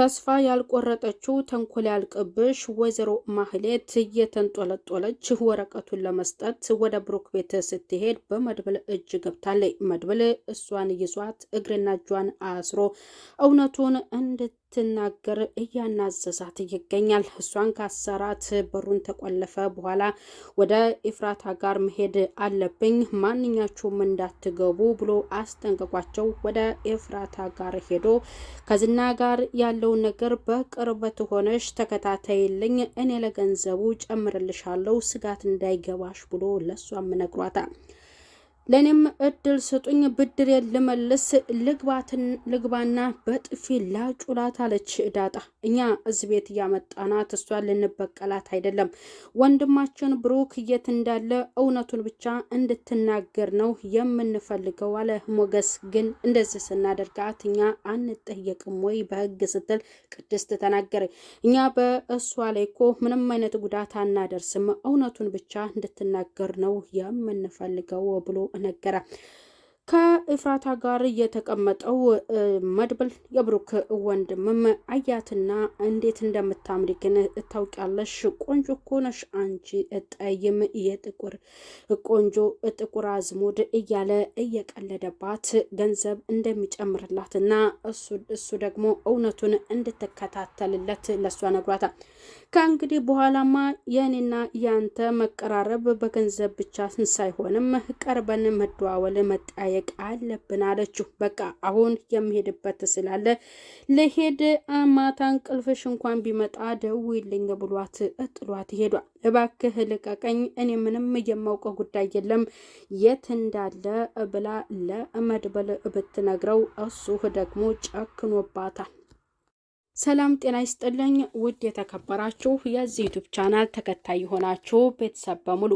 ተስፋ ያልቆረጠችው ተንኮል ያልቅብሽ ወይዘሮ ማህሌት እየተንጦለጦለች ወረቀቱን ለመስጠት ወደ ብሩክ ቤት ስትሄድ በመድብል እጅ ገብታለች። መድብል እሷን ይዟት እግርና እጇን አስሮ እውነቱን እንድት ትናገር እያናዘዛት ይገኛል። እሷን ካሰራት በሩን ተቆለፈ በኋላ ወደ ኢፍራታ ጋር መሄድ አለብኝ ማንኛችሁም እንዳትገቡ ብሎ አስጠንቅቋቸው ወደ ኢፍራታ ጋር ሄዶ ከዝና ጋር ያለውን ነገር በቅርበት ሆነሽ ተከታተይልኝ፣ እኔ ለገንዘቡ ጨምርልሻለሁ፣ ስጋት እንዳይገባሽ ብሎ ለሷም ነግሯታል። ለእኔም እድል ስጡኝ፣ ብድሬን ልመልስ፣ ልግባና በጥፊ ላጩላት አለች ዳጣ። እኛ እዚህ ቤት እያመጣናት እሷን ልንበቀላት አይደለም። ወንድማችን ብሩክ የት እንዳለ እውነቱን ብቻ እንድትናገር ነው የምንፈልገው አለ ሞገስ። ግን እንደዚህ ስናደርጋት እኛ አንጠየቅም ወይ በህግ ስትል ቅድስት ተናገረ። እኛ በእሷ ላይ እኮ ምንም አይነት ጉዳት አናደርስም፣ እውነቱን ብቻ እንድትናገር ነው የምንፈልገው ብሎ ነገራ። ከኤፍራታ ጋር የተቀመጠው መድብል የብሩክ ወንድምም አያትና እንዴት እንደምታምሪ ግን እታውቂያለሽ። ቆንጆ እኮ ነሽ አንቺ ጠይም የጥቁር ቆንጆ ጥቁር አዝሙድ እያለ እየቀለደባት ገንዘብ እንደሚጨምርላትና እሱ ደግሞ እውነቱን እንድትከታተልለት ለሷ ነግሯታል። ከእንግዲህ በኋላማ የእኔና የአንተ መቀራረብ በገንዘብ ብቻ ሳይሆንም ቀርበን መደዋወል መጠያየ መጠየቅ አለብን አለችው። በቃ አሁን የምሄድበት ስላለ ለሄድ ማታ እንቅልፍሽ እንኳን ቢመጣ ደውይልኝ ብሏት እጥሏት ሄዷል። እባክህ ልቀቀኝ፣ እኔ ምንም የማውቀው ጉዳይ የለም የት እንዳለ ብላ ለመድበል ብትነግረው እሱህ ደግሞ ጨክኖባታል። ሰላም ጤና ይስጥልኝ። ውድ የተከበራችሁ የዚህ ዩቱብ ቻናል ተከታይ የሆናችሁ ቤተሰብ በሙሉ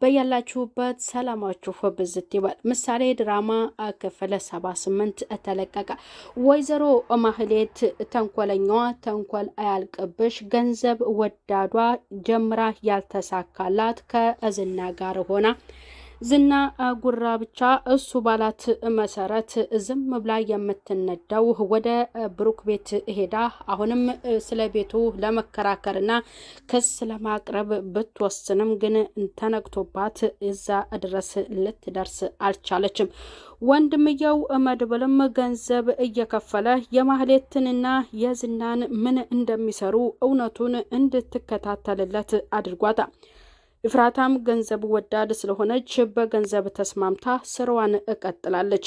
በያላችሁበት ሰላማችሁ ብዝት ይበል። ምሳሌ ድራማ ክፍል 78 ተለቀቀ። ወይዘሮ ማህሌት ተንኮለኛዋ ተንኮል አያልቅብሽ ገንዘብ ወዳዷ ጀምራ ያልተሳካላት ከእዝና ጋር ሆና ዝና ጉራ ብቻ እሱ ባላት መሰረት ዝም ብላ የምትነዳው ወደ ብሩክ ቤት ሄዳ አሁንም ስለ ቤቱ ለመከራከርና ክስ ለማቅረብ ብትወስንም ግን ተነግቶባት እዛ ድረስ ልትደርስ አልቻለችም። ወንድምየው መድብልም ገንዘብ እየከፈለ የማህሌትንና የዝናን ምን እንደሚሰሩ እውነቱን እንድትከታተልለት አድርጓታል። እፍራታም ገንዘብ ወዳድ ስለሆነች በገንዘብ ተስማምታ ስራዋን እቀጥላለች።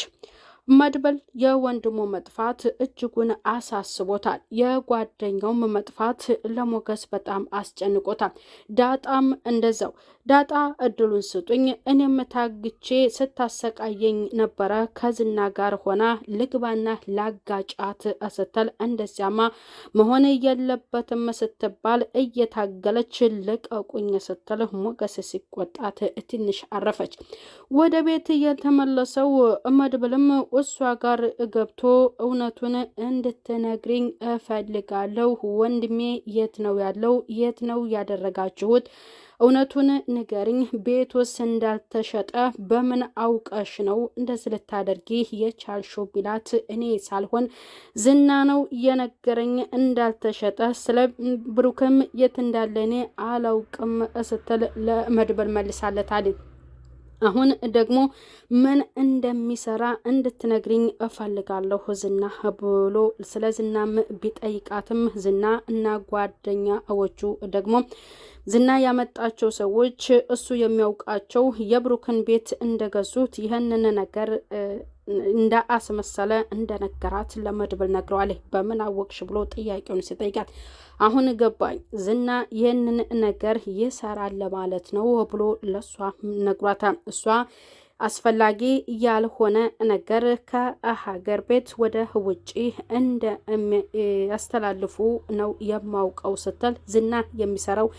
መድበል የወንድሙ መጥፋት እጅጉን አሳስቦታል። የጓደኛውም መጥፋት ለሞገስ በጣም አስጨንቆታል። ዳጣም እንደዛው ዳጣ እድሉን ስጡኝ፣ እኔም ታግቼ ስታሰቃየኝ ነበረ ከዝና ጋር ሆና ልግባና ላጋጫት ስትል እንደዚያማ መሆን የለበትም ስትባል እየታገለች ልቀቁኝ ስትል ሞገስ ሲቆጣት ትንሽ አረፈች። ወደ ቤት የተመለሰው መድብልም እሷ ጋር ገብቶ እውነቱን እንድትነግሪኝ እፈልጋለሁ ወንድሜ የት ነው ያለው? የት ነው ያደረጋችሁት? እውነቱን ንገርኝ፣ ቤት ውስጥ እንዳልተሸጠ በምን አውቀሽ ነው እንደዚህ ልታደርጊ የቻልሽው? ቢላት እኔ ሳልሆን ዝና ነው የነገረኝ እንዳልተሸጠ። ስለ ብሩክም የት እንዳለ እኔ አላውቅም ስትል ለመድብል መልሳለታል። አሁን ደግሞ ምን እንደሚሰራ እንድትነግሪኝ እፈልጋለሁ ዝና ብሎ ስለ ዝናም ቢጠይቃትም ዝና እና ጓደኛዎቹ ደግሞ ዝና ያመጣቸው ሰዎች እሱ የሚያውቃቸው የብሩክን ቤት እንደገዙት ይህንን ነገር እንደ አስመሰለ እንደነገራት ለመድብል ነግረዋል። በምን አወቅሽ ብሎ ጥያቄውን ሲጠይቃት አሁን ገባኝ ዝና ይህንን ነገር ይሰራል ለማለት ነው ብሎ ለእሷ ነግሯታ እሷ አስፈላጊ ያልሆነ ነገር ከሀገር ቤት ወደ ውጪ እንደሚያስተላልፉ ነው የማውቀው ስትል ዝና የሚሰራው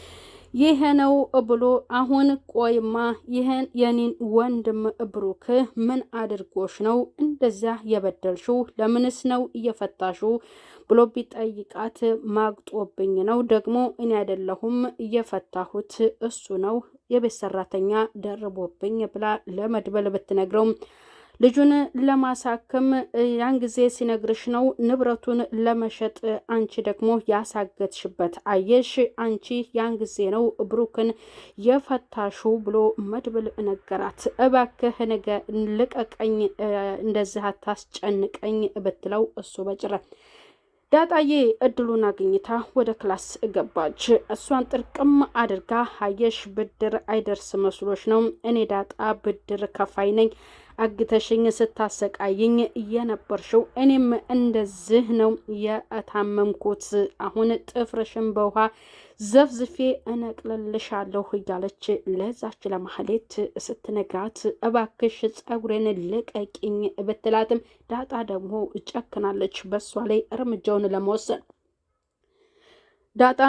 ይሄ ነው ብሎ አሁን ቆይማ ይህን የኔን ወንድም ብሩክ ምን አድርጎሽ ነው እንደዚያ የበደልሽው? ለምንስ ነው እየፈታሽው? ብሎ ቢጠይቃት ማግጦብኝ ነው ደግሞ እኔ አይደለሁም እየፈታሁት እሱ ነው የቤት ሰራተኛ ደርቦብኝ ብላ ለመድበል ብትነግረውም ልጁን ለማሳከም ያን ጊዜ ሲነግርሽ ነው ንብረቱን ለመሸጥ አንቺ ደግሞ ያሳገትሽበት። አየሽ አንቺ ያን ጊዜ ነው ብሩክን የፈታሹ ብሎ መድብል ነገራት። እባክህ ነገ ልቀቀኝ፣ እንደዚህ አታስጨንቀኝ ብትለው እሱ በጭረ ዳጣዬ እድሉን አግኝታ ወደ ክላስ ገባች። እሷን ጥርቅም አድርጋ አየሽ ብድር አይደርስ መስሎች ነው እኔ ዳጣ ብድር ከፋይ ነኝ አግተሽኝ ስታሰቃይኝ እየነበርሽው እኔም እንደዚህ ነው የታመምኩት። አሁን ጥፍርሽን በውሃ ዘፍዝፌ እነቅልልሻለሁ እያለች ለዛች ለማህሌት ስትነግራት እባክሽ ጸጉሬን ልቀቂኝ ብትላትም ዳጣ ደግሞ ጨክናለች በሷ ላይ እርምጃውን ለመወሰን ዳጣ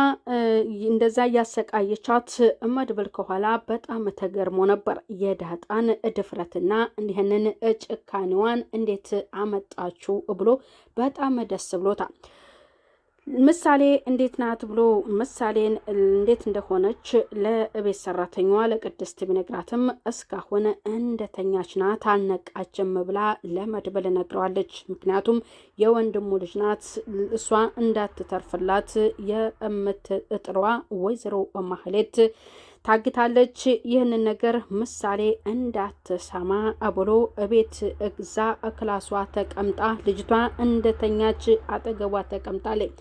እንደዛ እያሰቃየቻት መድብል ከኋላ በጣም ተገርሞ ነበር። የዳጣን ድፍረትና እንዲህንን ጭካኔዋን እንዴት አመጣችሁ ብሎ በጣም ደስ ብሎታል። ምሳሌ እንዴት ናት ብሎ ምሳሌን እንዴት እንደሆነች ለቤት ሰራተኛዋ ለቅድስት ቢነግራትም እስካሁን እንደተኛች ናት አልነቃችም ብላ ለመድብል ነግረዋለች። ምክንያቱም የወንድሙ ልጅ ናት፣ እሷ እንዳትተርፍላት የምትጥሯ ወይዘሮ ማህሌት ታግታለች። ይህንን ነገር ምሳሌ እንዳትሰማ ብሎ እቤት እግዛ ክላሷ ተቀምጣ ልጅቷ እንደተኛች አጠገቧ ተቀምጣለች።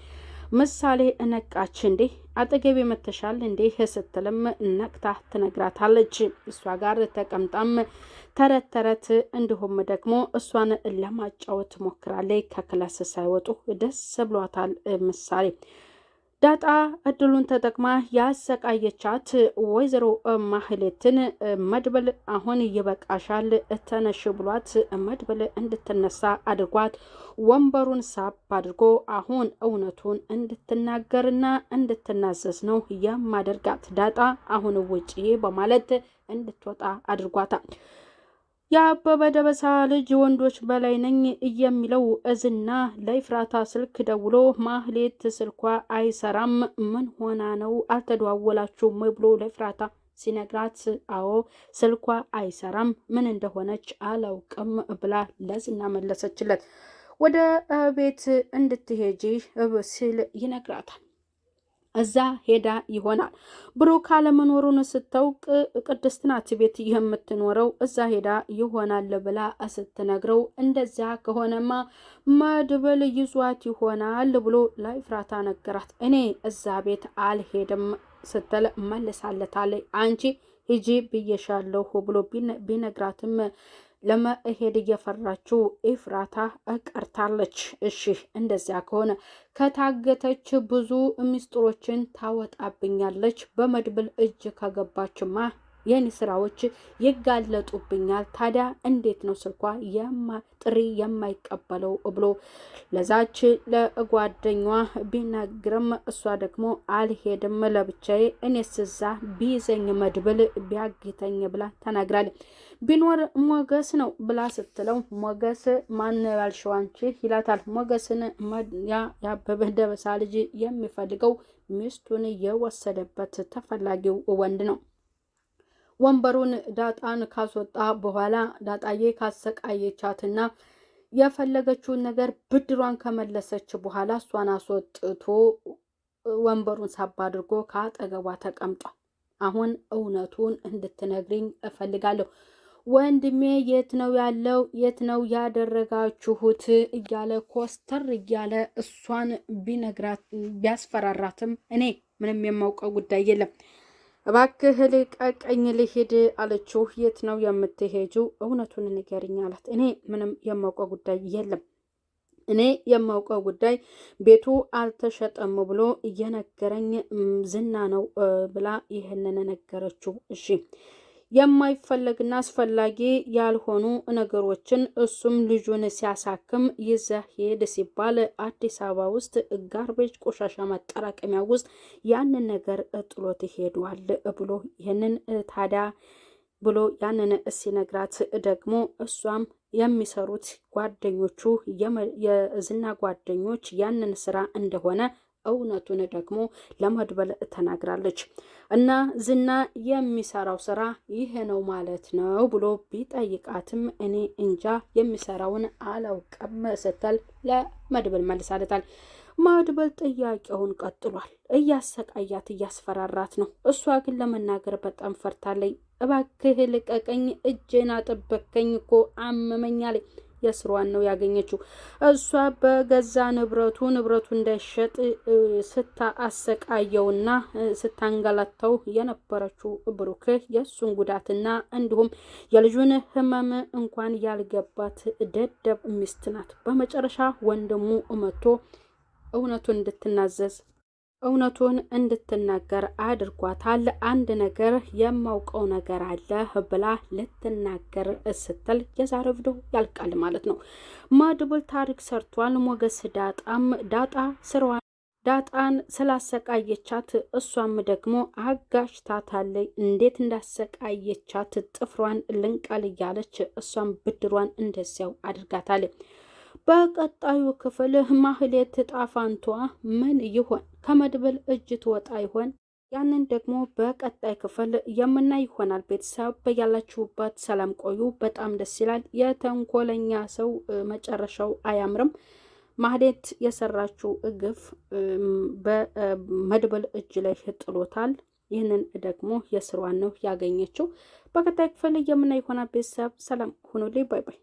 ምሳሌ እነቃች። እንዴ አጠገቤ መተሻል እንዴ ስትልም ነቅታ ትነግራታለች። እሷ ጋር ተቀምጣም ተረት ተረት እንዲሁም ደግሞ እሷን ለማጫወት ትሞክራለች ከክላስ ሳይወጡ ደስ ብሏታል ምሳሌ ዳጣ እድሉን ተጠቅማ ያሰቃየቻት ወይዘሮ ማህሌትን መድብል አሁን ይበቃሻል ተነሽ ብሏት መድብል እንድትነሳ አድርጓት ወንበሩን ሳብ አድርጎ አሁን እውነቱን እንድትናገርና እንድትናዘዝ ነው የማደርጋት ዳጣ አሁን ውጪ በማለት እንድትወጣ አድርጓታል። የአበበ ደበሳ ልጅ ወንዶች በላይ ነኝ የሚለው እዝና ለይፍራታ ስልክ ደውሎ ማህሌት ስልኳ አይሰራም፣ ምን ሆና ነው አልተደዋወላችሁም ወይ ብሎ ለይፍራታ ሲነግራት፣ አዎ ስልኳ አይሰራም፣ ምን እንደሆነች አላውቅም ብላ ለዝና መለሰችለት። ወደ ቤት እንድትሄጂ ሲል ይነግራታል። እዛ ሄዳ ይሆናል። ብሩክ አለመኖሩን ስታውቅ ቅድስት ናት ቤት የምትኖረው እዛ ሄዳ ይሆናል ብላ ስትነግረው፣ እንደዚያ ከሆነማ መድብል ይዟት ይሆናል ብሎ ለኤፍራታ ነገራት። እኔ እዛ ቤት አልሄድም ስትል መልሳለታለች። አንቺ ሂጂ ብዬሻለሁ ብሎ ቢነግራትም ለመሄድ እየፈራችው ኤፍራታ ቀርታለች። እሺ እንደዚያ ከሆነ ከታገተች ብዙ ምስጢሮችን ታወጣብኛለች። በመድብል እጅ ከገባችማ የኔ ስራዎች ይጋለጡብኛል። ታዲያ እንዴት ነው ስልኳ ጥሪ የማይቀበለው ብሎ ለዛች ለጓደኛዋ ቢነግርም እሷ ደግሞ አልሄድም ለብቻዬ፣ እኔስ ስዛ ቢይዘኝ መድብል ቢያግተኝ ብላ ተናግራለች። ቢኖር ሞገስ ነው ብላ ስትለው ሞገስ ማን ያልሽው አንቺ ይላታል። ሞገስን ያበበ ደበሳ ልጅ የሚፈልገው ሚስቱን የወሰደበት ተፈላጊው ወንድ ነው። ወንበሩን ዳጣን ካስወጣ በኋላ ዳጣዬ ካሰቃየቻትና የፈለገችውን ነገር ብድሯን ከመለሰች በኋላ እሷን አስወጥቶ ወንበሩን ሳባ አድርጎ ከአጠገቧ ተቀምጧል። አሁን እውነቱን እንድትነግሪኝ እፈልጋለሁ። ወንድሜ የት ነው ያለው? የት ነው ያደረጋችሁት? እያለ ኮስተር እያለ እሷን ቢነግራት ቢያስፈራራትም እኔ ምንም የማውቀው ጉዳይ የለም እባክህ ልቀቀኝ ልሄድ አለችው። የት ነው የምትሄጂው? እውነቱን ንገሪኝ አላት። እኔ ምንም የማውቀው ጉዳይ የለም እኔ የማውቀው ጉዳይ ቤቱ አልተሸጠም ብሎ እየነገረኝ ዝና ነው ብላ ይህንን ነገረችው። እሺ የማይፈለግና አስፈላጊ ያልሆኑ ነገሮችን እሱም ልጁን ሲያሳክም ይዘህ ሄድ ሲባል አዲስ አበባ ውስጥ ጋርቤጅ ቆሻሻ ማጠራቀሚያ ውስጥ ያንን ነገር ጥሎት ይሄዷል ብሎ ይህንን ታዲያ ብሎ ያንን ሲነግራት ደግሞ እሷም የሚሰሩት ጓደኞቹ የዝና ጓደኞች ያንን ስራ እንደሆነ እውነቱን ደግሞ ለመድበል ተናግራለች። እና ዝና የሚሰራው ስራ ይህ ነው ማለት ነው ብሎ ቢጠይቃትም እኔ እንጃ የሚሰራውን አላውቅም ስትል ለመድበል መልሳለታል። ማድበል ጥያቄውን ቀጥሏል። እያሰቃያት እያስፈራራት ነው። እሷ ግን ለመናገር በጣም ፈርታለኝ። እባክህ ልቀቀኝ፣ እጄን አጥበከኝ እኮ አመመኛለኝ የስሯን ነው ያገኘችው። እሷ በገዛ ንብረቱ ንብረቱ እንዳይሸጥ ስታ አሰቃየውና ስታንገላተው የነበረችው ብሩክ የእሱን ጉዳትና እንዲሁም የልጁን ህመም እንኳን ያልገባት ደደብ ሚስት ናት። በመጨረሻ ወንድሙ መጥቶ እውነቱን እንድትናዘዝ እውነቱን እንድትናገር አድርጓታል። አንድ ነገር የማውቀው ነገር አለ ብላ ልትናገር ስትል የዛሬ ቪዲዮ ያልቃል ማለት ነው። ማድቡል ታሪክ ሰርቷል። ሞገስ ዳጣም ዳጣ ስራዋ ዳጣን ስላሰቃየቻት እሷም ደግሞ አጋሽታታለች። እንዴት እንዳሰቃየቻት ጥፍሯን ልንቀል እያለች እሷም ብድሯን እንደዚያው አድርጋታለች። በቀጣዩ ክፍል ማህሌት ጣፋንቷ ምን ይሆን? ከመድብል እጅ ትወጣ ይሆን? ያንን ደግሞ በቀጣይ ክፍል የምናይ ይሆናል። ቤተሰብ በያላችሁበት ሰላም ቆዩ። በጣም ደስ ይላል። የተንኮለኛ ሰው መጨረሻው አያምርም። ማህሌት የሰራችው ግፍ በመድብል እጅ ላይ ጥሎታል። ይህንን ደግሞ የስሯን ነው ያገኘችው። በቀጣይ ክፍል የምናይ ይሆናል። ቤተሰብ ሰላም ሁኑልኝ። ባይ ባይ